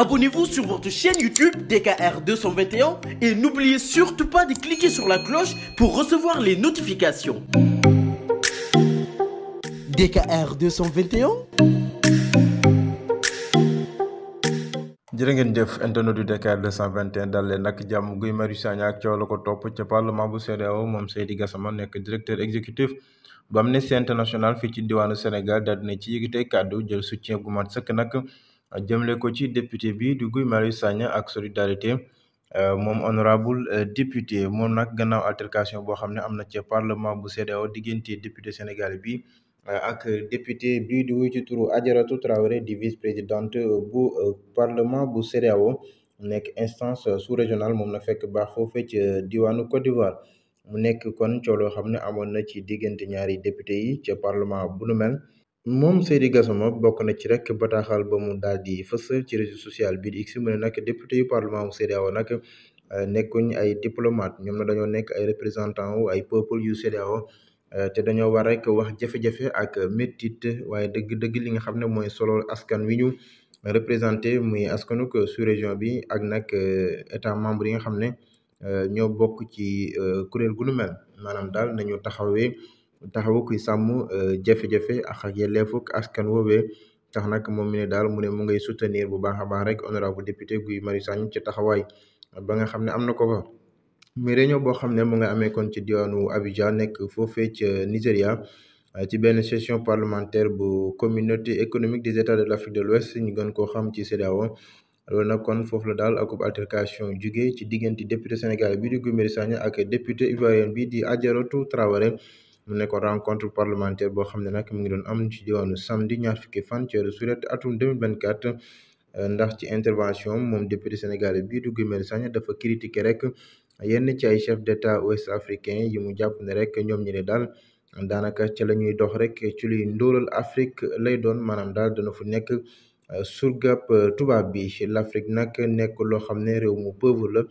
Abonnez-vous sur votre chaîne YouTube DKR 221 et n'oubliez surtout pas de cliquer sur la cloche pour recevoir les notifications. DKR 221. jërë ngeen jàmm Guy Marius Sagna ak coow ko topp ca parlement bu CEDEAO moom Seydi Gassama nekk directeur exécutif bu Amnesty International fii ci diwaanu Sénégal daal dina ci yëgitey kàddu jël soutien gu mat sëkk nag. jëmle ko ci député bi di Guy Marius Sagna ak solidarité euh, moom honorable euh, député moom nag gannaaw altercation boo xam ne am na ci parlement bu CEDEAO diggante député sénégalais bi euh, ak député bii di wuy ci turu Adjaratou Traoré di vice présidente bu parlement bu mu nekk instance sous régionale moom na fekk baax foofee ci diwaanu Côte d'Ivoire mu nekk kon coow loo xam ne amoon na ci diggante ñaari député yi ca parlement bu nu moom Seydi Gassama bokk na ci rek bataaxal ba mu daal di fësal ci réseau sociale bi di X mu ne nag député yu parlement wu CEDEAO nag euh, nekkuñ ay diplomate ñoom na dañoo nekk ay représentant wu ay peuple yu CEDEAO euh, te dañoo war rek wax jafe-jafe ak métit waaye dëgg-dëgg li nga xam ne mooy solo askan wi ñu représenté muy askanuk sous-région bi ak nag euh, état membre yi nga xam ne ñoo bokk ci kuréel gu nu mel maanaam daal nañu taxawee taxawu kuy sàmm euh, jafe-jafe ak ak yelleefuk askan woowee tax nag moom mu ne daal mu ne mu ngay soutenir bu baax a baax rek honorable député Guy Marius Sagna ci taxawaay ba nga xam ne am na ko fa muy réunion boo xam ne mu nga amee kon ci diwaanu Abidjan nekk foofee ca Nigéria euh, ci benn session parlementaire bu communauté économique des états de l'Afrique de l'Ouest ñu gën koo xam ci e a loolu nag kon foofu la daal akub altercation jugee ci diggante député Sénégal bi di Guy Marius ak député ivoirien bi di Adjaratou Traoré mu nekkoon rencontre parlementaire boo xam ne nag mu ngi doon am ci diwaanu samedi ñaar fukki fan ci weeru sulet atum 2024 euh, ndax ci intervention moom député sénégalais bii du Guy Marius Sagna dafa critique rek yenn ci ay chef d' état africain yi mu jàpp ne rek ñoom ñi ne daal daanaka ca la ñuy dox rek ci luy ndóolal Afrique lay doon maanaam daal dana fu nekk euh, surgap euh, tubaab bi ci Afrique nag nekk loo xam ne réew mu pauvre la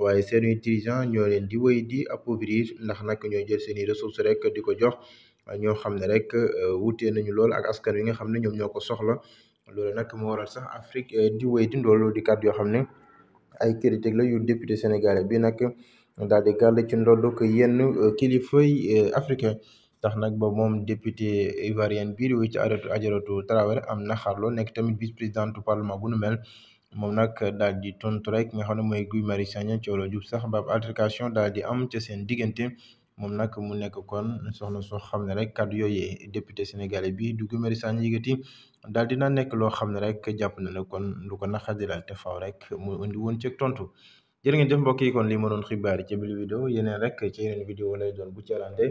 waaye seeni dirigeant ñoo leen di woy di appauvrir ndax nag ñooy jël seeni ressources rek di ko jox ñoo xam ne rek euh, wutee nañu lool ak askan wi nga xam ne ñoom ñoo ko soxla loolu nag moo waral sax Afrique euh, di woy di ndool di kàddu yoo xam ne ay critique la yu député sénégalais bi nag daal di gàll ci ndodd ko yenn euh, kilifay yi africain tax nag ba moom député ivoirien biir wu ci Adjaratou Traoré am na xarlo nekk tamit vice présidente du parlement bu nu mel moom nag daal di tontu rek nga xam ne mooy Guy Marius Sagna coolo jub sax ba ab altercation daal di am ca seen diggante moom nag mu nekk kon soxna soo xam ne rek kàddu yooyee député sénégalais bi du Guy Marius Sagna yëkkati di dina nekk loo xam ne rek jàpp na ne kon lu ko naqadi la te faaw rek mu indi woon ceeg tontu. jërë ngeen jëf mbokk yi kon lii ma doon xibaar yi ci biir vidéo yeneen rek ci yeneen vidéo lay doon bu ci alante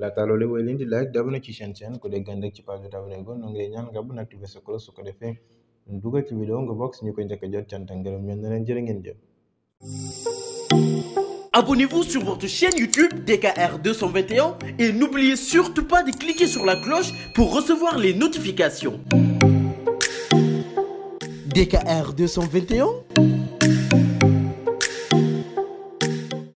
laataa loolu woy leen di like ci chaîne seen ku déggan rek ci page bi abonné gon nu ngay ñaan nga bu su ko defee dugal ci vidéo nga bokk ñu koy a jot cant ak ngërëm ñoom ne leen jërë ngeen jëf. Abonnez-vous la cloche pour recevoir les notifications. DKR 221.